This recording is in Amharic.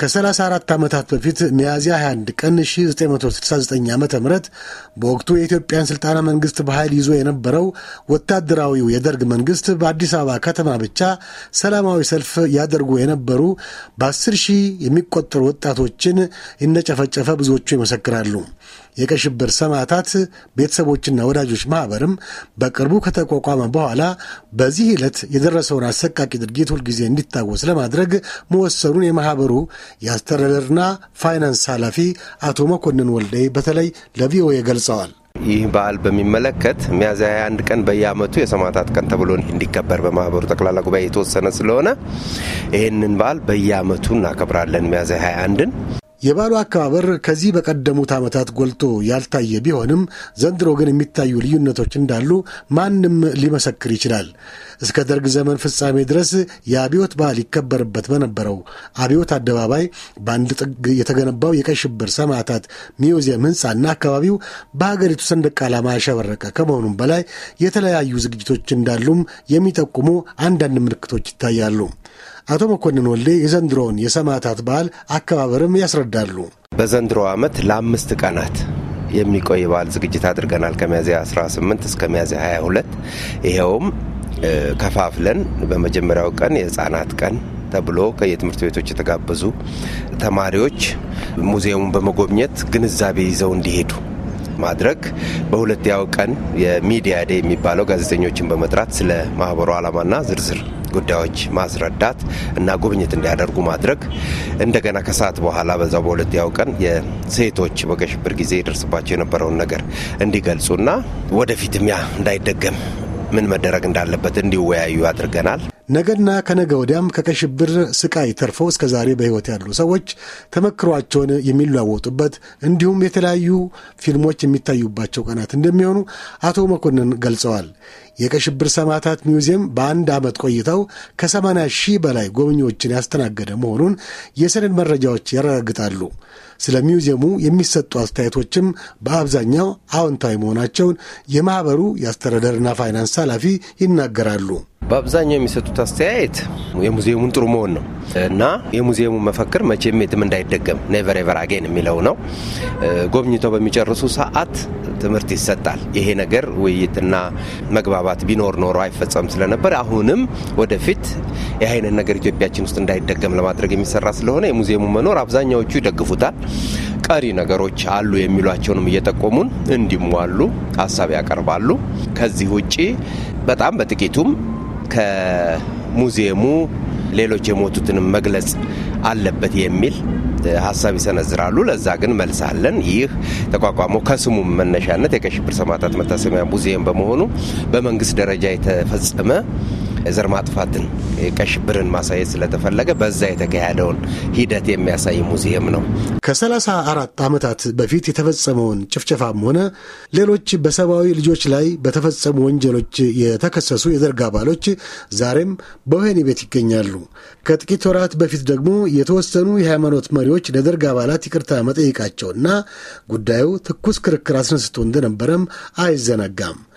ከ34 ዓመታት በፊት ሚያዝያ 21 ቀን 1969 ዓ ም በወቅቱ የኢትዮጵያን ሥልጣና መንግሥት በኃይል ይዞ የነበረው ወታደራዊው የደርግ መንግሥት በአዲስ አበባ ከተማ ብቻ ሰላማዊ ሰልፍ ያደርጉ የነበሩ በ10 ሺህ የሚቆጠሩ ወጣቶችን እነጨፈጨፈ ብዙዎቹ ይመሰክራሉ። የቀሽብር ሽብር ሰማዕታት ቤተሰቦችና ወዳጆች ማኅበርም በቅርቡ ከተቋቋመ በኋላ በዚህ ዕለት የደረሰውን አሰቃቂ ድርጊት ሁልጊዜ እንዲታወስ ለማድረግ መወሰኑን የማኅበሩ የአስተዳደርና ፋይናንስ ኃላፊ አቶ መኮንን ወልደይ በተለይ ለቪኦኤ ገልጸዋል። ይህ በዓል በሚመለከት ሚያዝያ 21 ቀን በየአመቱ የሰማዕታት ቀን ተብሎ እንዲከበር በማህበሩ ጠቅላላ ጉባኤ የተወሰነ ስለሆነ ይህንን በዓል በየአመቱ እናከብራለን ሚያዝያ 21ን የባሉ አከባበር ከዚህ በቀደሙት ዓመታት ጎልቶ ያልታየ ቢሆንም ዘንድሮ ግን የሚታዩ ልዩነቶች እንዳሉ ማንም ሊመሰክር ይችላል። እስከ ደርግ ዘመን ፍጻሜ ድረስ የአብዮት በዓል ይከበርበት በነበረው አብዮት አደባባይ በአንድ ጥግ የተገነባው የቀይ ሽብር ሰማዕታት ሚውዚየም ሕንፃና አካባቢው በሀገሪቱ ሰንደቅ ዓላማ ያሸበረቀ ከመሆኑም በላይ የተለያዩ ዝግጅቶች እንዳሉም የሚጠቁሙ አንዳንድ ምልክቶች ይታያሉ። አቶ መኮንን ወልዴ የዘንድሮውን የሰማዕታት በዓል አከባበርም ያስረዳሉ። በዘንድሮ ዓመት ለአምስት ቀናት የሚቆይ በዓል ዝግጅት አድርገናል። ከሚያዝያ 18 እስከ ሚያዝያ 22 ይኸውም ከፋፍለን በመጀመሪያው ቀን የህፃናት ቀን ተብሎ ከየትምህርት ቤቶች የተጋበዙ ተማሪዎች ሙዚየሙን በመጎብኘት ግንዛቤ ይዘው እንዲሄዱ ማድረግ፣ በሁለተኛው ቀን የሚዲያ ዴ የሚባለው ጋዜጠኞችን በመጥራት ስለ ማህበሩ ዓላማና ዝርዝር ጉዳዮች ማስረዳት እና ጉብኝት እንዲያደርጉ ማድረግ። እንደገና ከሰዓት በኋላ በዛው በሁለተኛው ቀን የሴቶች በቀሽብር ጊዜ ይደርስባቸው የነበረውን ነገር እንዲገልጹና ወደፊትም ያ እንዳይደገም ምን መደረግ እንዳለበት እንዲወያዩ አድርገናል። ነገና ከነገ ወዲያም ከቀሽብር ስቃይ ተርፈው እስከ ዛሬ በሕይወት ያሉ ሰዎች ተመክሯቸውን የሚለዋወጡበት እንዲሁም የተለያዩ ፊልሞች የሚታዩባቸው ቀናት እንደሚሆኑ አቶ መኮንን ገልጸዋል። የቀሽብር ሰማዕታት ሚውዚየም በአንድ ዓመት ቆይታው ከ80 ሺህ በላይ ጎብኚዎችን ያስተናገደ መሆኑን የሰነድ መረጃዎች ያረጋግጣሉ። ስለ ሚውዚየሙ የሚሰጡ አስተያየቶችም በአብዛኛው አዎንታዊ መሆናቸውን የማኅበሩ የአስተዳደርና ፋይናንስ ኃላፊ ይናገራሉ። በአብዛኛው የሚሰጡት አስተያየት የሙዚየሙን ጥሩ መሆን ነው እና የሙዚየሙን መፈክር መቼም የትም እንዳይደገም ኔቨር ኤቨር አጌን የሚለው ነው። ጎብኝተው በሚጨርሱ ሰዓት ትምህርት ይሰጣል። ይሄ ነገር ውይይትና መግባባት ቢኖር ኖሮ አይፈጸም ስለነበር አሁንም ወደፊት ይህ አይነት ነገር ኢትዮጵያችን ውስጥ እንዳይደገም ለማድረግ የሚሰራ ስለሆነ የሙዚየሙ መኖር አብዛኛዎቹ ይደግፉታል። ቀሪ ነገሮች አሉ የሚሏቸውንም እየጠቆሙን እንዲሟሉ ሀሳብ ያቀርባሉ። ከዚህ ውጪ በጣም በጥቂቱም ከሙዚየሙ ሌሎች የሞቱትንም መግለጽ አለበት የሚል ሀሳብ ይሰነዝራሉ። ለዛ ግን መልስ አለን። ይህ ተቋቋመው ከስሙም መነሻነት የቀይ ሽብር ሰማዕታት መታሰቢያ ሙዚየም በመሆኑ በመንግስት ደረጃ የተፈጸመ የዘር ማጥፋትን ቀሽብርን ማሳየት ስለተፈለገ በዛ የተካሄደውን ሂደት የሚያሳይ ሙዚየም ነው። ከሰላሳ አራት ዓመታት በፊት የተፈጸመውን ጭፍጨፋም ሆነ ሌሎች በሰብአዊ ልጆች ላይ በተፈጸሙ ወንጀሎች የተከሰሱ የደርግ አባሎች ዛሬም በወህኒ ቤት ይገኛሉ። ከጥቂት ወራት በፊት ደግሞ የተወሰኑ የሃይማኖት መሪዎች ለደርግ አባላት ይቅርታ መጠየቃቸውና ጉዳዩ ትኩስ ክርክር አስነስቶ እንደነበረም አይዘነጋም።